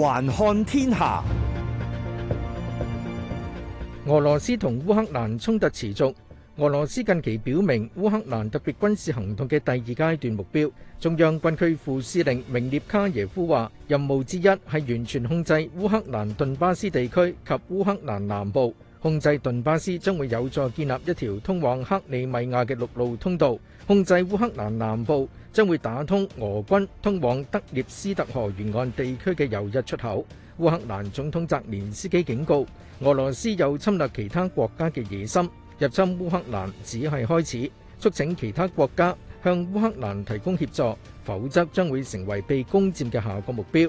環看天下，俄羅斯同烏克蘭衝突持續。俄羅斯近期表明，烏克蘭特別軍事行動嘅第二階段目標，中央軍區副司令明涅卡耶夫話，任務之一係完全控制烏克蘭頓巴斯地區及烏克蘭南部。控制頓巴斯將會有助建立一條通往克里米亞嘅陸路通道，控制烏克蘭南部將會打通俄軍通往德涅斯特河沿岸地區嘅又一出口。烏克蘭總統澤連斯基警告，俄羅斯有侵略其他國家的野心，入侵烏克蘭只係開始，促請其他國家向烏克蘭提供協助，否則將會成為被攻占的下個目標。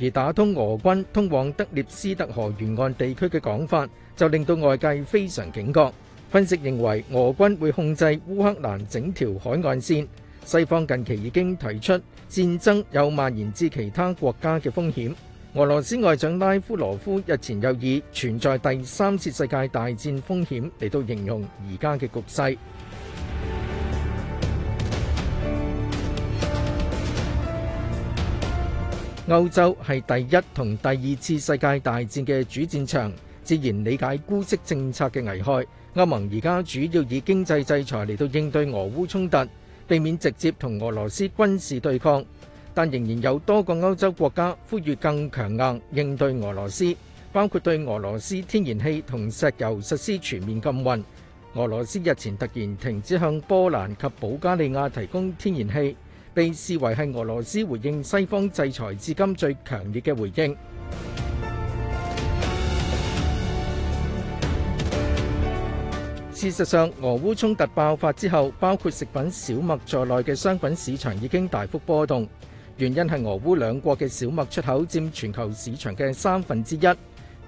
而打通俄軍通往德涅斯特河沿岸地區嘅講法，就令到外界非常警覺，分析認為俄軍會控制烏克蘭整條海岸線，西方近期已經提出戰爭有蔓延至其他國家嘅風險，俄羅斯外長拉夫羅夫日前又以存在第三次世界大戰風險嚟到形容而家嘅局勢。歐洲係第一同第二次世界大戰嘅主戰場，自然理解姑息政策嘅危害。歐盟而家主要以經濟制裁嚟到應對俄烏衝突，避免直接同俄羅斯軍事對抗，但仍然有多個歐洲國家呼籲更強硬應對俄羅斯，包括對俄羅斯天然氣同石油實施全面禁運。俄羅斯日前突然停止向波蘭及保加利亞提供天然氣。被視為係俄羅斯回應西方制裁至今最強烈嘅回應。事實上，俄烏衝突爆發之後，包括食品、小麥在內嘅商品市場已經大幅波動，原因係俄烏兩國嘅小麥出口佔全球市場嘅三分之一。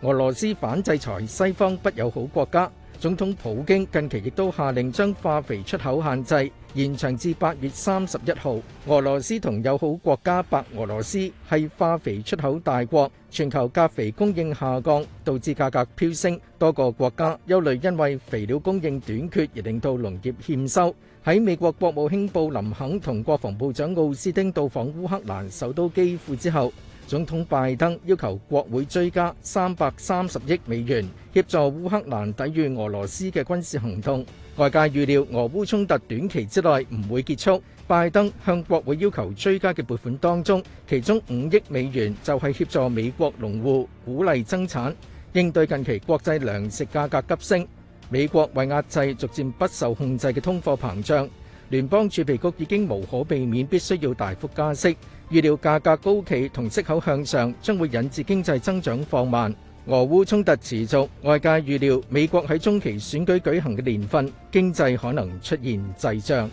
俄羅斯反制裁西方不友好國家。總統普京近期亦都下令將化肥出口限制延長至八月三十一號。俄羅斯同友好國家白俄羅斯係化肥出口大國，全球鉀肥供應下降，導致價格飆升。多個國家憂慮因為肥料供應短缺而令到農業欠收。喺美國國務卿布林肯同國防部長奧斯汀到訪烏克蘭首都基輔之後，總統拜登要求國會追加三百三十億美元協助烏克蘭抵禦俄羅斯嘅軍事行動。外界預料俄烏衝突短期之內唔會結束。拜登向國會要求追加嘅撥款當中，其中五億美元就係協助美國農戶鼓勵增產，應對近期國際糧食價格急升。美國為壓制逐漸不受控制嘅通貨膨脹。聯邦儲備局已經無可避免必須要大幅加息，預料價格高企同息口向上將會引致經濟增長放慢。俄烏衝突持續，外界預料美國喺中期選舉舉行嘅年份，經濟可能出現滯脹。